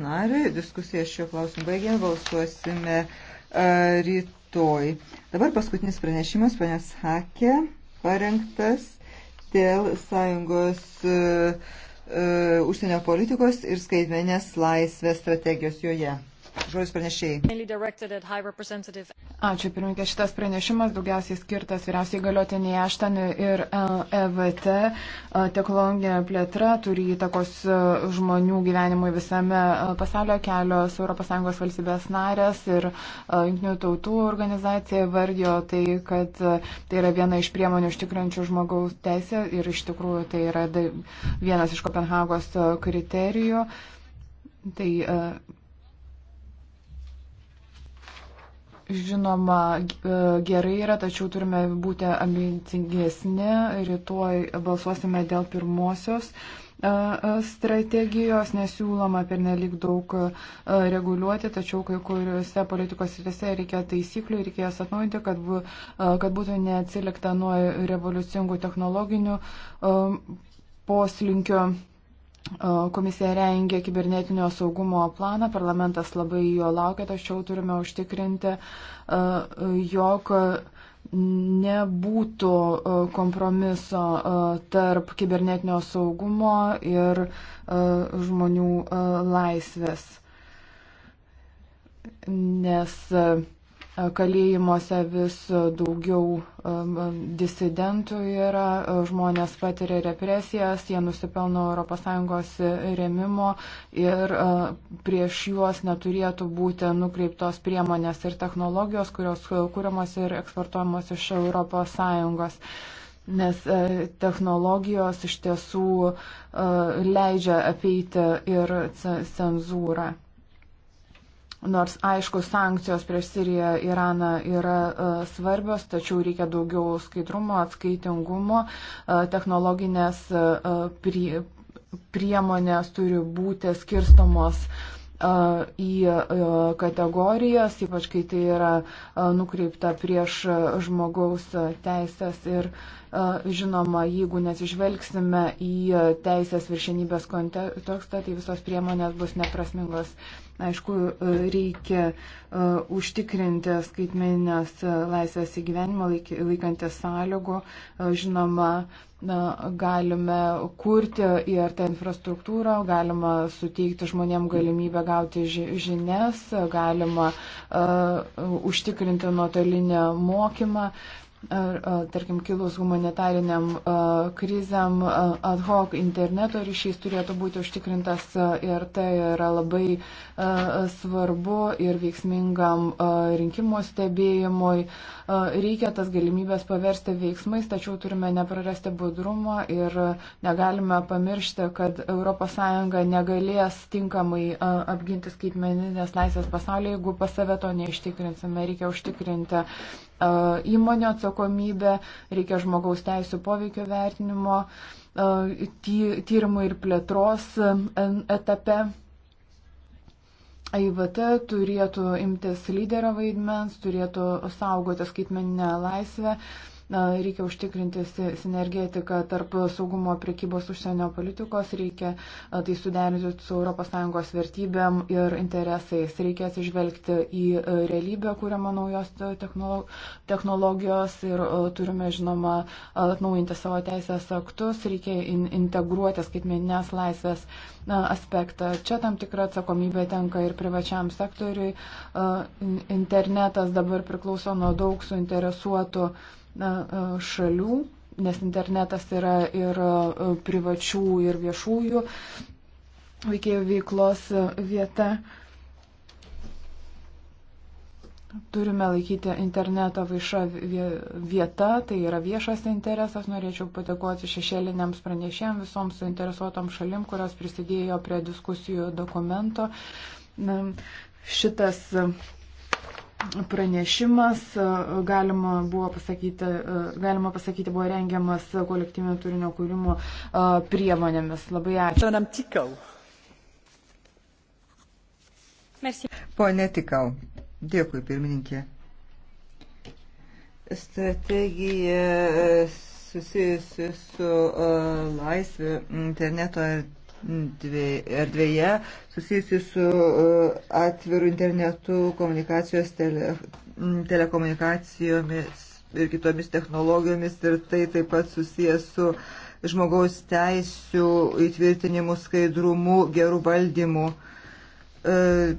narį. Diskusiją šiuo klausimu baigėme, balsuosime e, rytoj. Dabar paskutinis pranešimas, panės Hakė, parengtas dėl sąjungos uh, uh, užsienio politikos ir skaitmenės laisvės strategijos joje. Žodis pranešėjai. Ačiū, pirmininkė. Šitas pranešimas daugiausiai skirtas vyriausiai galiotiniai Aštani ir EVT. E e, technologinė plėtra turi įtakos e, žmonių gyvenimui visame pasaulio kelios ES valstybės narės ir Junktinių tautų organizacija vardijo tai, kad tai yra viena iš priemonių užtikrančių žmogaus teisę ir iš tikrųjų tai yra vienas iš Kopenhagos kriterijų. Tai, uh, žinoma, e, gerai yra, tačiau turime būti ambicingesni. Rytoj balsuosime dėl pirmosios e, e, strategijos, nesiūloma per nelik daug reguliuoti, tačiau kai kuriuose politikos rytise reikia taisyklių, reikės atnaujinti, kad, bu, kad būtų neatsilikta nuo revoliucingų technologinių poslinkio Komisija rengė kibernetinio saugumo planą, parlamentas labai jo laukia, tačiau turime užtikrinti, e, jog nebūtų e, kompromiso e, tarp kibernetinio saugumo ir žmonių laisvės. Nes kalėjimuose vis daugiau um, disidentų yra, žmonės patiria represijas, jie nusipelno ES remimo ir uh, prieš juos neturėtų būti nukreiptos priemonės ir technologijos, kurios kūriamos ir eksportuojamos iš ES nes uh, technologijos iš tiesų uh, leidžia apeiti ir cenzūrą. Nors aišku, sankcijos prieš Siriją, Iraną yra uh, svarbios, tačiau reikia daugiau skaidrumo, atskaitingumo, uh, technologinės uh, prie, priemonės turi būti skirstomos į kategorijas, ypač kai tai yra nukreipta prieš žmogaus teisės ir žinoma, jeigu nesižvelgsime į teisės viršenybės kontekstą, tai visos priemonės bus neprasmingos. Aišku, reikia uh, užtikrinti skaitmeninės e, laisvės įgyvenimo laik, laikantį sąlygų. Uh, žinoma, na, galime kurti ir tą infrastruktūrą, galima suteikti žmonėm galimybę gauti ži žinias, galima uh, užtikrinti nuotolinę mokymą. Uh, ar, tarkim, kilus humanitariniam krizėm, ad hoc interneto ryšys turėtų būti užtikrintas ir tai yra labai svarbu ir veiksmingam rinkimų stebėjimui. Reikia tas galimybės paversti veiksmais, tačiau turime neprarasti budrumo ir negalime pamiršti, kad ES negalės tinkamai apginti skaitmeninės laisvės pasaulyje, jeigu pas save to neištikrinsime. Reikia užtikrinti įmonių atsakomybę, reikia žmogaus teisų poveikio vertinimo tyrimų ir plėtros etape. AIVT turėtų imtis lyderio vaidmens, turėtų saugoti skaitmeninę laisvę, uh, reikia užtikrinti sinergetiką tarp saugumo prekybos užsienio politikos, reikia tai suderinti su ES vertybėm ir interesais, reikia atsižvelgti į realybę, kuriamą naujos technologijos ir turime, žinoma, atnaujinti savo teisės aktus, reikia integruoti skaitmeninės laisvės aspektą. Čia tam tikra atsakomybė tenka ir privačiam sektoriui. Internetas dabar priklauso nuo daug suinteresuotų uh, šalių, nes internetas yra ir privačių, ir viešųjų veikėjų veiklos vieta. Turime laikyti internetą vaiša vieta, tai yra viešas interesas. Norėčiau patekoti šešėliniams pranešėjams visoms suinteresuotom šalim, kurios prisidėjo prie diskusijų dokumento. Šitas pranešimas, galima, buvo pasakyti, galima pasakyti, buvo rengiamas kolektyvinio turinio kūrimo priemonėmis. Labai ačiū. Pone Tikau, dėkui pirmininkė. Strategija susijusi su uh, laisvė interneto ir erdvėje susijusi su e, atviru internetu, komunikacijos, tele, telekomunikacijomis ir kitomis technologijomis ir tai taip pat susijęs su žmogaus teisų įtvirtinimu, skaidrumu, gerų valdymu. E,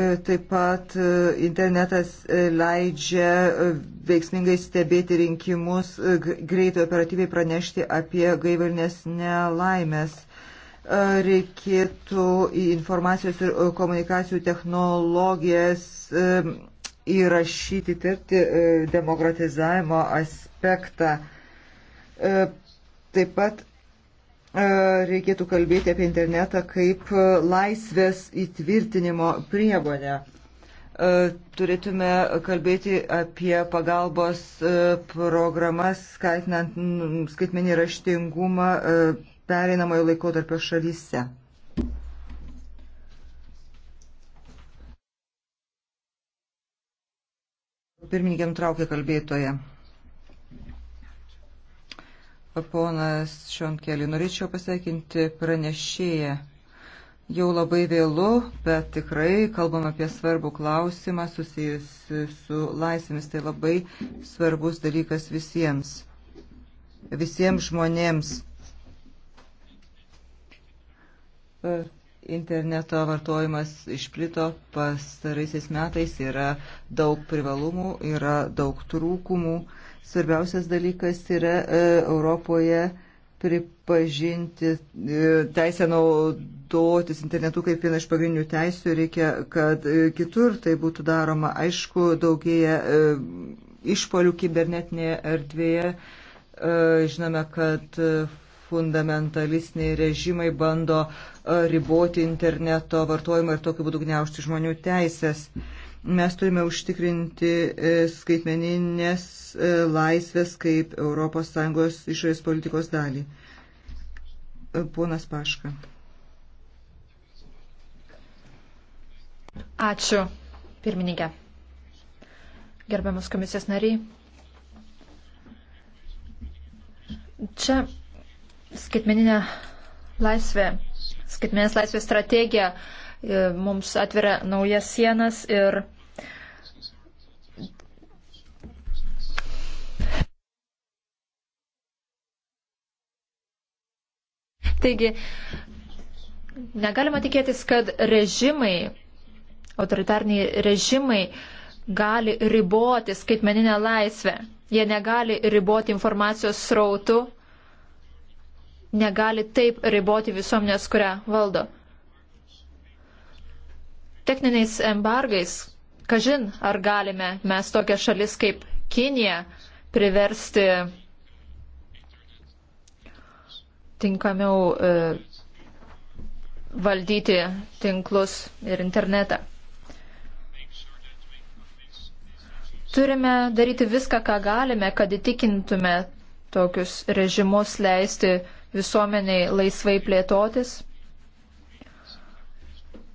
E, taip pat e, internetas e, leidžia veiksmingai stebėti rinkimus, greitai operatyviai pranešti apie gaivalinės nelaimės. Reikėtų į informacijos ir komunikacijų technologijas įrašyti, tirti demokratizavimo aspektą. Taip pat reikėtų kalbėti apie internetą kaip laisvės įtvirtinimo priemonę. Turėtume kalbėti apie pagalbos programas, skaitinant skaitmenį raštingumą pereinamojo laikotarpio šalyse. Pirmininkėm traukė kalbėtoje. Ponas Šionkelį, norėčiau pasveikinti pranešėją. Jau labai vėlu, bet tikrai kalbam apie svarbų klausimą susijusi su laisvėmis. Tai labai svarbus dalykas visiems. Visiems žmonėms. Interneto vartojimas išplito pastaraisiais metais, yra daug privalumų, yra daug trūkumų. Svarbiausias dalykas yra e, Europoje pripažinti e, teisę naudotis internetu kaip vieną iš pagrindinių teisų ir reikia, kad e, kitur tai būtų daroma. Aišku, daugėja išpolių kibernetinėje erdvėje. Žinome, kad fundamentalistiniai režimai bando riboti interneto vartojimą ir tokiu būdu gniaužti žmonių teisės. Mes turime užtikrinti e, skaitmeninės e, laisvės kaip ES išorės politikos dalį. E, ponas Paška. Ačiū, pirmininkė. Gerbiamas komisijos nariai. Čia skaitmeninė laisvė, skaitmeninės laisvės strategija E, mums atveria naujas sienas ir Taigi, negalima tikėtis, kad režimai, autoritarniai režimai gali riboti skaitmeninę laisvę. Jie negali riboti informacijos srautų, negali taip riboti visuomenės, kurią valdo techniniais embargais, kažin ar galime mes tokią šalis kaip Kinija priversti tinkamiau e, valdyti tinklus ir internetą. Turime daryti viską, ką galime, kad įtikintume tokius režimus leisti visuomeniai laisvai plėtotis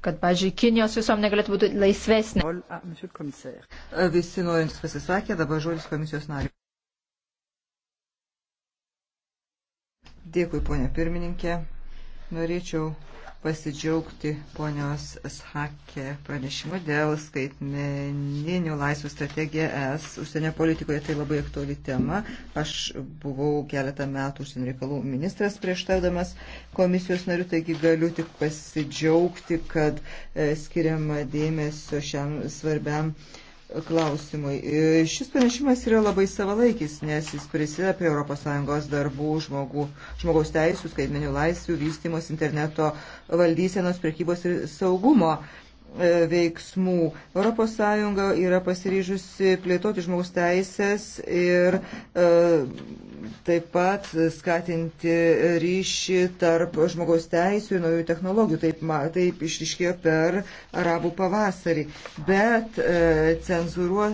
kad, pažiūrėjau, Kinijos visuomenė galėtų būti laisvesnė. Visi norintys pasisakė, dabar žodis komisijos nariu. Dėkui, ponė pirmininkė. Norėčiau pasidžiaugti ponios Shakė pranešimu dėl skaitmeninių laisvų strategiją ES užsienio politikoje. Tai labai aktuali tema. Aš buvau keletą metų užsienio reikalų ministras prieš taudamas komisijos nariu, taigi galiu tik pasidžiaugti, kad e, skiriama dėmesio šiam svarbiam klausimui. E, šis pranešimas yra labai savalaikis, nes jis prisideda prie ES darbų žmogų, žmogaus teisų, skaitmenių laisvių, vystimos, interneto valdysenos, prekybos ir saugumo e, veiksmų. ES yra pasiryžusi plėtoti žmogaus teisės ir uh, taip pat skatinti ryšį tarp žmogaus teisų ir naujų technologijų. Taip, taip išriškėjo per arabų pavasarį. Bet e, cenzuruo,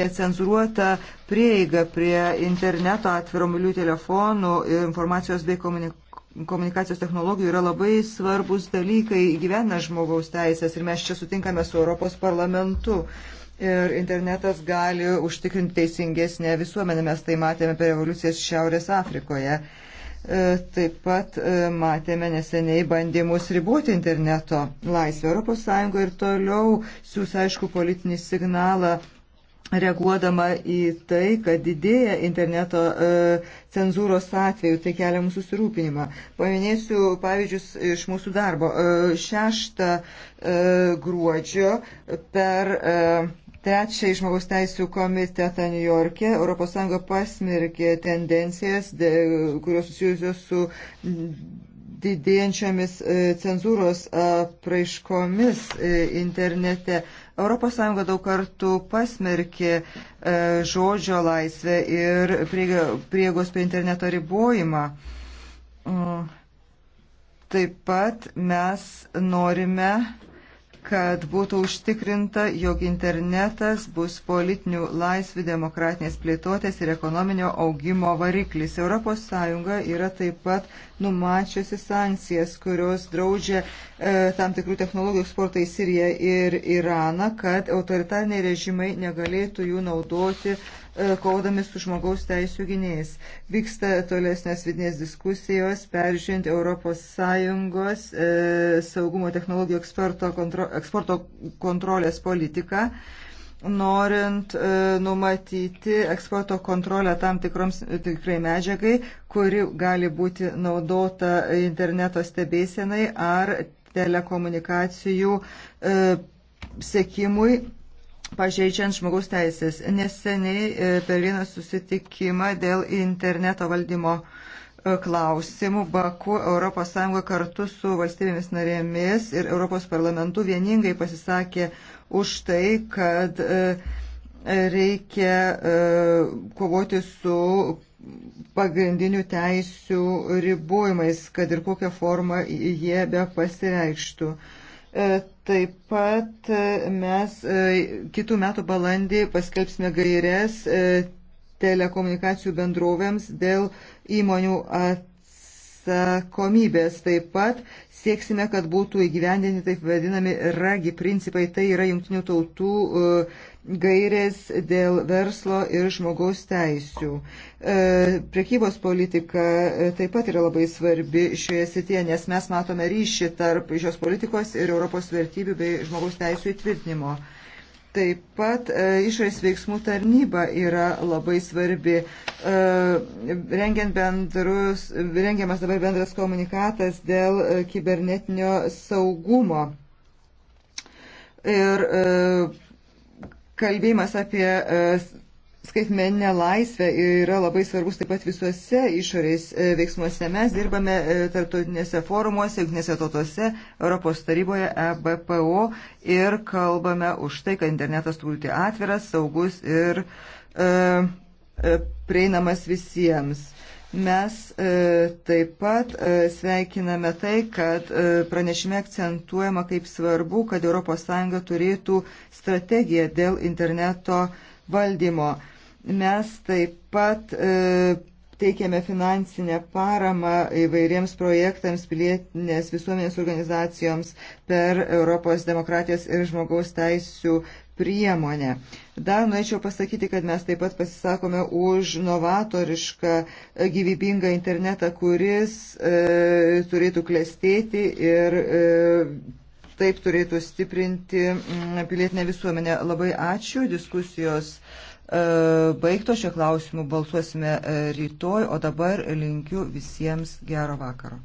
necenzuruota prieiga prie interneto atvirų milių telefonų ir informacijos bei komunikacijos komunikacijos technologijų yra labai svarbus dalykai gyvena žmogaus teisės ir mes čia sutinkame su Europos parlamentu. Uh, ir internetas gali užtikrinti teisingesnę visuomenę. Mes tai matėme per revoliucijas Šiaurės Afrikoje. E, taip pat e, matėme neseniai bandymus riboti interneto laisvę. ES ir toliau siūs aišku politinį signalą reaguodama į tai, kad didėja interneto e, cenzūros atveju, tai kelia mūsų susirūpinimą. Paminėsiu pavyzdžius iš mūsų darbo. 6 gruodžio per Trečiai žmogaus teisų komitetą New York'e ES pasmirkė tendencijas, kurios susijusios su didėjančiomis e, cenzūros praiškomis e, internete. ES daug kartų pasmerkė e, žodžio laisvę ir priegos prie interneto ribojimą. Taip pat mes norime kad būtų užtikrinta, jog internetas bus politinių laisvių, demokratinės plėtotės ir ekonominio augimo variklis. ES yra taip pat numačiusi sankcijas, kurios draudžia e, tam tikrų technologijų eksportą į Siriją ir Iraną, kad autoritariniai režimai negalėtų jų naudoti E, kovodami su žmogaus teisų gynėjais. Vyksta tolesnės vidinės diskusijos, peržiūrint ES e, saugumo technologijų kontro, eksporto kontrolės politiką, norint e, numatyti eksporto kontrolę tam tikroms, tikrai medžiagai, kuri gali būti naudota interneto stebėsenai ar telekomunikacijų e, sekimui pažeidžiant žmogaus teisės. Neseniai e, per vieną susitikimą dėl interneto valdymo e, klausimų Baku ES kartu su valstybėmis narėmis ir Europos parlamentu vieningai pasisakė už tai, kad e, reikia kovoti su pagrindinių teisių ribojimais, kad ir kokią formą jie be pasireikštų. E, taip pat e, mes e, kitų metų balandį paskelbsime gairias telekomunikacijų bendrovėms dėl įmonių at atsakomybės. Taip pat sieksime, kad būtų įgyvendinti taip vadinami ragi principai. Tai yra jungtinių tautų e, gairės dėl verslo ir žmogaus teisių. E, prekybos politika e, taip pat yra labai svarbi šioje srityje, nes mes matome ryšį tarp šios politikos ir Europos vertybių bei žmogaus teisų įtvirtinimo. Taip pat e, išorės veiksmų tarnyba yra labai svarbi. E, rengiant bendrus, rengiamas dabar bendras komunikatas dėl e, kibernetinio saugumo. Ir kalbėjimas apie skaitmeninė laisvė yra labai svarbus taip pat visuose išorės e, veiksmuose. Mes dirbame e, tarptautinėse forumuose, jungtinėse tautose, Europos taryboje, EBPO ir kalbame už tai, kad internetas turi būti atviras, saugus ir e, e, prieinamas visiems. Mes e, taip pat e, sveikiname tai, kad e, pranešime akcentuojama kaip svarbu, kad ES turėtų strategiją dėl interneto e, valdymo. Mes taip pat e, teikiame finansinę paramą įvairiems projektams, pilietinės visuomenės organizacijoms per Europos demokratijos ir žmogaus teisų priemonę. Dar norėčiau pasakyti, kad mes taip pat pasisakome už novatorišką e, gyvybingą internetą, kuris e, turėtų klestėti ir e, taip turėtų stiprinti mm, pilietinę visuomenę. Labai ačiū, diskusijos e, baigto šio klausimu balsuosime e, rytoj, o dabar linkiu visiems gero vakaro.